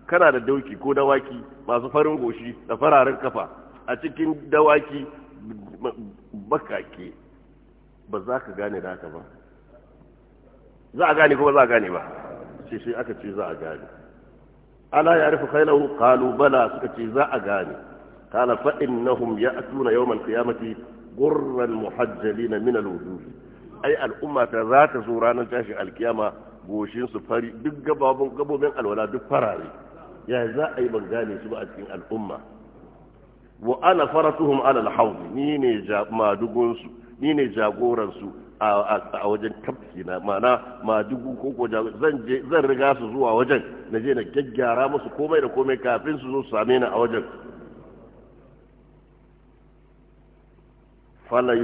kana da dauki ko dawaki masu farin goshi da fararen kafa a cikin dawaki bakake ba za ka gane da haka ba za a gane kuma za a gane ba shi shi aka ce za a gane ala ya rufe khailahu qalu bala suka ce za a gane qala fa innahum ya'tuna yawm al-qiyamati gurran muhajjalina min al-wujuh ai al'umma ta za ta zo ranar tashin alkiyama goshin su fari duk gababun gabobin alwala duk farare ya za a yi ban gane su ba a cikin al'umma wa ana faratuhum ala al-hawd ni ne madugunsu ni ne jagoransu a wajen kamfi na mana ma dubu ko ko zan riga su zuwa wajen na je na gyaggyara musu komai da komai kafin su zo same ni a wajen fala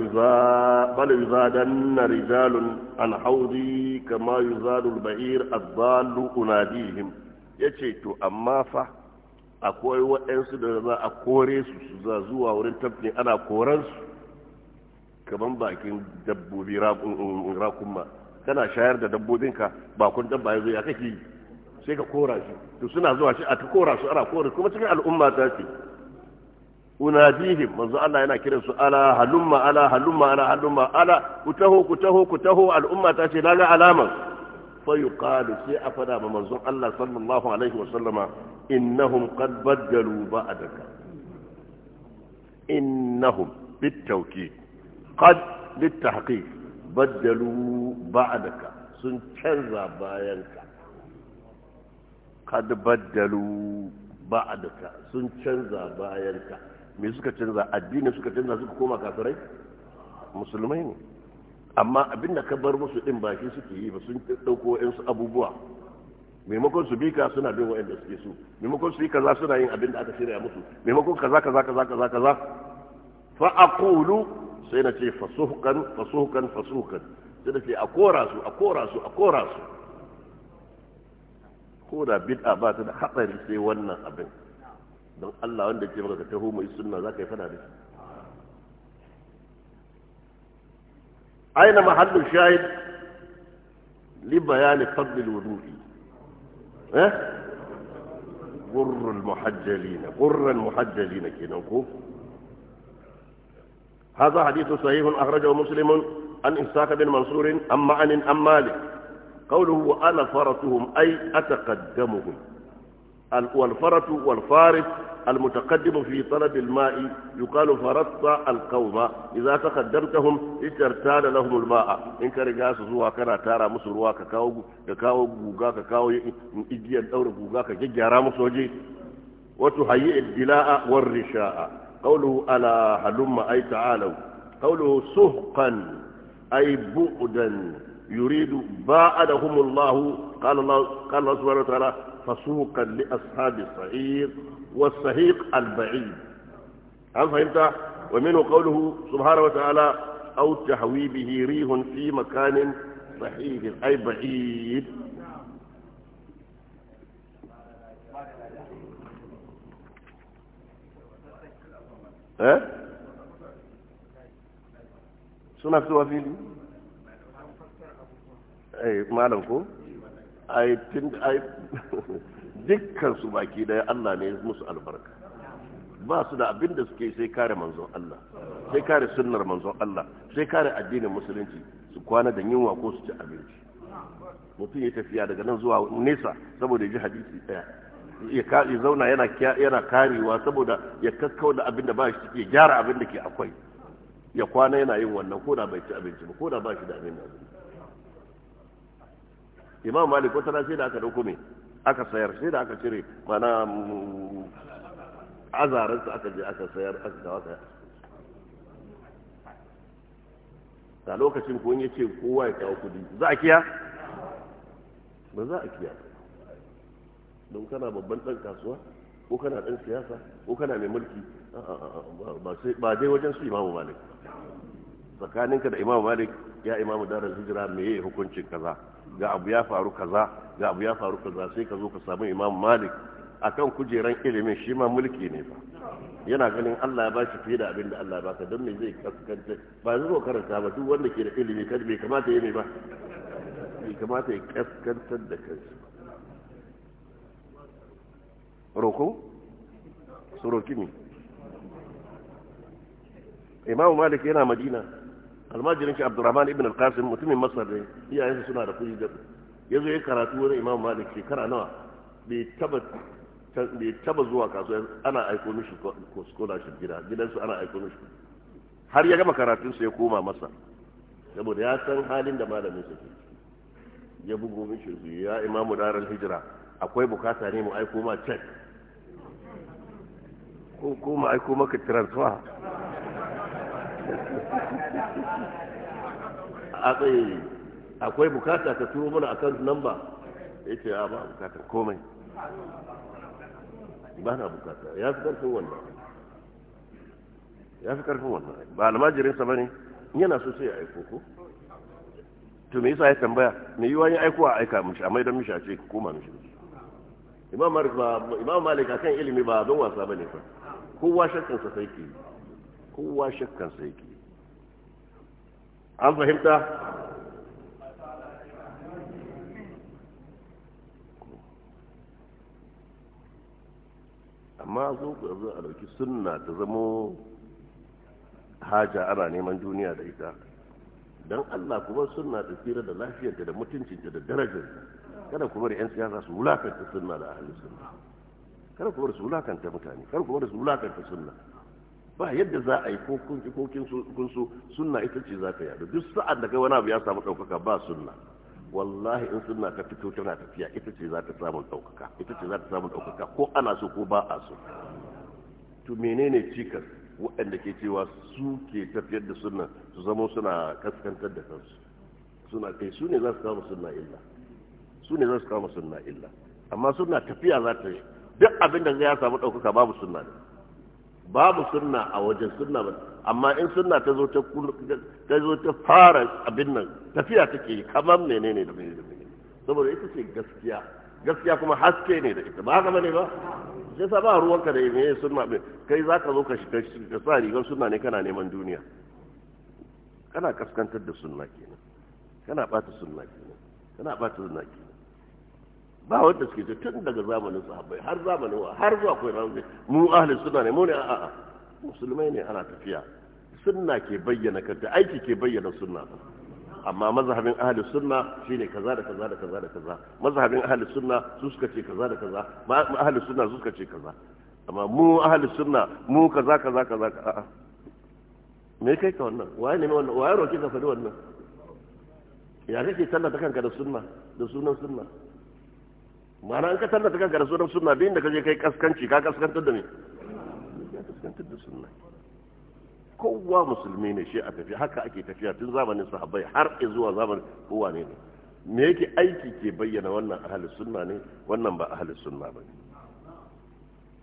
na rijalun an haudi kama yuzadul a zalu unadihim yace to amma fa akwai waɗansu da za a kore su su zuwa wurin tafki ana koransu kaman bakin dabbobi rakunma mm, mm, kana shayar da dabbobinka bakon dabba ya zo ya kake sai ka kora shi to suna zuwa shi a ta kora su ana kora kuma cikin al'umma ta ce unadihim manzo Allah yana kiran su ala halumma ala halumma ala halumma ala ku taho ku taho ku taho al'umma ta ce laga alaman fa yuqalu sai a fada ma manzon Allah sallallahu alaihi wa sallama innahum qad baddalu ba'daka innahum bitawkid qad litahqiq baddalu ba'daka sun canza bayanka kad baddalu ba'daka sun canza bayanka me suka canza addini suka canza suka koma kafirai musulmai ne amma abin da ka bar musu din baki suke yi ba sun dauko wayansu abubuwa maimakon su bika suna bin wayanda suke so maimakon su yi kaza suna yin abin da aka a musu maimakon kaza kaza kaza kaza kaza fa aqulu sai na ce fasuhkan fasuhkan fasuhkan sai na ce a kora su a kora su a kora su ko da bid'a ba ta da hatsari sai wannan abin don Allah wanda ke maka taho mai sunna za ka yi fada da shi aina mahallin shahid li bayani fadlil wudu'i eh gurrul muhajjalina gurrul muhajjalina kenan ko هذا حديث صحيح أخرجه مسلم عن إساق بن منصور عن معن عن مالك قوله وأنا فرسهم أي أتقدمهم والفرس والفارس المتقدم في طلب الماء يقال فرط القوم إذا تقدمتهم اترتال لهم الماء إن كان رجاس زوا كان تارا مصر ruwa كاكاو kawo كاكاو kawo guga ka kawo igiyar daura guga وتحيي الدلاء والرشاء قوله ألا هلم أي تعالوا قوله سهقا أي بؤدا يريد باعدهم الله قال الله قال الله سبحانه وتعالى فسوقا لأصحاب الصعير والصهيق البعيد هل فهمت ومنه قوله سبحانه وتعالى أو تحوي به ريح في مكان صحيح أي بعيد eh suna fitowa fili eh malam ko ai tun ai dukkan su baki daya Allah ne musu albarka ba su da abin da suke sai kare manzon Allah sai kare sunnar manzon Allah sai kare addinin musulunci su kwana da yunwa ko su ci abinci mutum ya tafiya daga nan zuwa nesa saboda ya ji hadisi daya ya zauna yana yana karewa saboda ya kakkau da abin da ba shi ke gyara abin da ke akwai ya kwana yana yin wannan ko da bai ci abinci ba ko da ba shi da abin da imam malik wata na sai da aka dauko me aka sayar sai da aka cire mana mm, azarinsa aka je aka sayar aka dawa sayar da lokacin ya yace kowa ya kawo kudi za a kiya ba za a kiya ba don kana babban dan kasuwa ko kana dan siyasa ko kana mai mulki ba dai wajen su imamu malik tsakaninka da imamu malik ya imamu darar hijira meye hukuncin kaza ga abu ya faru kaza ga abu ya faru kaza sai ka zo ka samu imamu malik akan kujeran ilimin shi ma mulki ne fa yana ganin Allah ya bashi fiye da abin da Allah ya baka don me zai kaskanta ba zai zo karanta ba duk wanda ke da ilimi kada bai kamata ya mai ba bai kamata ya kaskantar da kansa roko su roki ne imamu malik yana madina almajirin shi abdurrahman ibn al-qasim mutumin masar ne iyayensa suna da kuyi da ya zo ya karatu wurin imamu malik shekara nawa bai taba bai taba zuwa kasuwa ana aiko mishi ko scholarship gida gidansu ana aiko mishi har ya gama karatunsa ya koma masa saboda ya san halin da malamin sa ke ya bugo mishi ya imamu darar hijira akwai bukata ne mu aiko ma check ko koma aiko maka transfer akwai bukata ka turo mana account number ya ce a ba bukata komai ba na bukata ya fi karfin wannan ya fi karfin wannan ba almajirinsa ba ne yana so sai ya aiko ko to me yasa ya tambaya me yiwa ya aiko a aika mishi amma idan mishi a ce koma mishi imam malik ba imam malik akan ilimi ba don wasa bane fa kowa shakkan sa sai ke kowa shakkan sa ke, an fahimta amma zo ku zo a dauki sunna ta zamo haja ana neman duniya da ita don Allah kuma sunna ta tsira da lafiyarta da mutuncinta da darajarta kada kuma da 'yan siyasa su wulakanta sunna da ahli sunna kar ku bar su wulakanta mutane kar ku bar su wulakanta sunna ba yadda za a yi ko kun ki su kun so sunna ita ce za ta yadda duk sa'an da kai wani abu ya samu ɗaukaka ba sunna wallahi in sunna ta fito tana tafiya ita ce za ta samu ɗaukaka ita ce za ta samu daukaka ko ana so ko ba a so to menene cikas waɗanda ke cewa su ke tafiyar da sunna su zama suna kaskantar da kansu suna kai su ne za su kama sunna illa su ne za su kama sunna illa amma sunna tafiya za ta yi duk abin da ya samu ɗaukaka babu sunna ne babu sunna a wajen sunna ba amma in sunna ta zo ta ta zo ta fara abin nan tafiya take kamar menene da menene saboda ita ce gaskiya gaskiya kuma haske ne da ita ba haka bane ba sai sa ba ruwanka da me sunna ne kai ka zo ka shiga ka sa rigar sunna ne kana neman duniya kana kaskantar da sunna kenan kana bata sunna kenan kana bata sunna kenan ba wanda suke ce tun daga zamanin sahabbai har zamanin wa har zuwa kai ranzu mu ahli sunna ne mu ne a'a musulmai ne ana tafiya sunna ke bayyana kanta aiki ke bayyana sunna amma mazhabin ahli sunna shine kaza da kaza da kaza da kaza mazhabin ahli sunna su suka ce kaza da kaza ahli sunna su suka ce kaza amma mu ahli sunna mu kaza kaza kaza a'a me kai ka wannan waye ne wannan waye roki ka fadi wannan ya kake tallata kanka da sunna da sunan sunna ma'ana an ka da ta da sunan suna din da kaje kai kaskanci ka kaskantar da me kaskantar da kowa musulmi ne shi a tafi haka ake tafiya tun zamanin sahabbai har zuwa zamanin kowa ne me yake aiki ke bayyana wannan ahli sunna ne wannan ba ahli sunna ba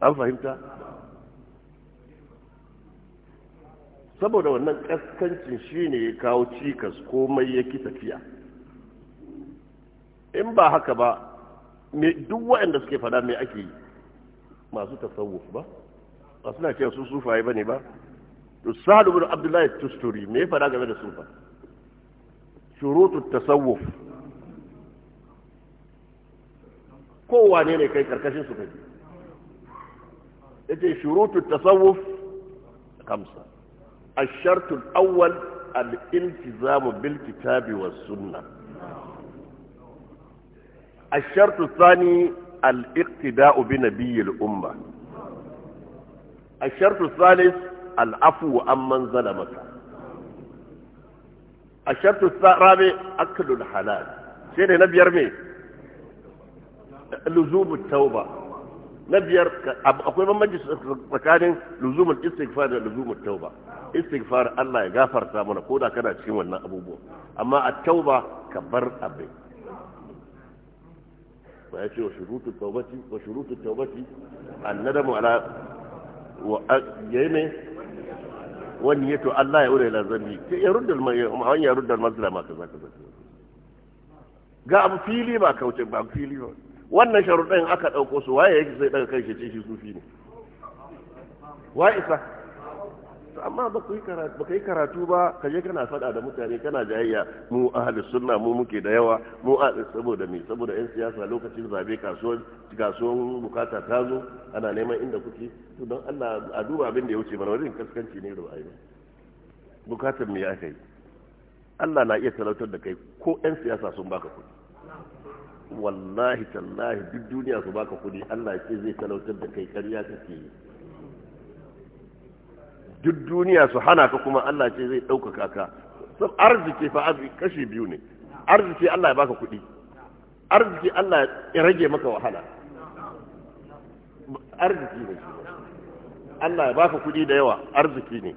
an fahimta saboda wannan kaskancin shine ya kawo cikas komai yake tafiya in ba haka ba me duk waɗanda suke fada me ake yi masu tasawuf ba ba suna cewa su sufaye bane ba to sa'ad ibn abdullahi tusturi me ya fada game da sufa shurutu tasawuf kowane ne kai karkashin su kaji yace shurutu tasawuf kamsa الشرط bil kitabi بالكتاب sunna. الشرط الثاني الاقتداء بنبي الأمة الشرط الثالث العفو عمن ظلمك الشرط الرابع أكل الحلال شيء نبي يرمي لزوم التوبة نبي أقول من مجلس مكان لزوم الاستغفار لزوم التوبة استغفار الله يغفر سامنا كودا كان تشين wannan abubuwa amma at-tauba kabar ba ya ce wa shurutu taubati wa shurutu taubati annadamu ala wa yayme wani yato Allah ya ure lazami ya ruddal ma ya ruddal mazlama kaza kaza ga abu fili ba kauce ba fili ba wannan sharuɗin aka ɗauko su waye yake sai kai shi ce shi sufi ne wa isa to amma ba ku yi karatu ba kai karatu ba ka je kana faɗa da mutane kana jayayya mu ahlus sunna mu muke da yawa mu a saboda me saboda yan siyasa lokacin zabe kasuwar kasuwar bukata ta zo ana neman inda kuke to don Allah a duba abin da ya wuce barwarin kaskanci ne da ayi bukatar me aka yi Allah na iya talautar da kai ko yan siyasa sun baka kuɗi wallahi tallahi duk duniya su baka kuɗi Allah ya ce zai talautar da kai ƙarya kake yi duk duniya su hana ka kuma Allah ce zai ɗaukaka ka arziki fa kashi biyu ne arziki Allah ya baka kuɗi arziki Allah ya rage maka wahala arziki ne Allah ya baka kuɗi da yawa arziki ne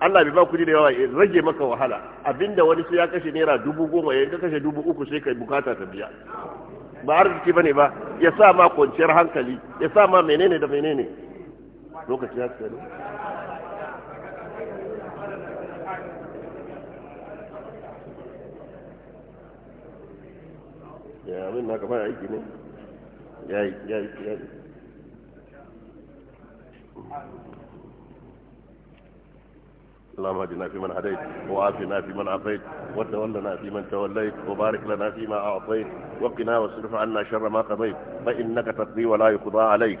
Allah bai ba kuɗi da yawa ya rage maka wahala abinda wani sai ya kashe naira dubu goma ya kashe dubu uku sai kai bukata ta biya ba arziki bane ba ya sa ma kwanciyar hankali ya sa ma menene da menene lokaci ya ce اللهم اهدنا فيمن هديت وعافنا فيمن عافيت وتولنا فيمن توليت وبارك لنا فيما اعطيت وقنا واصرف عنا شر ما قضيت فانك تقضي ولا يقضى عليك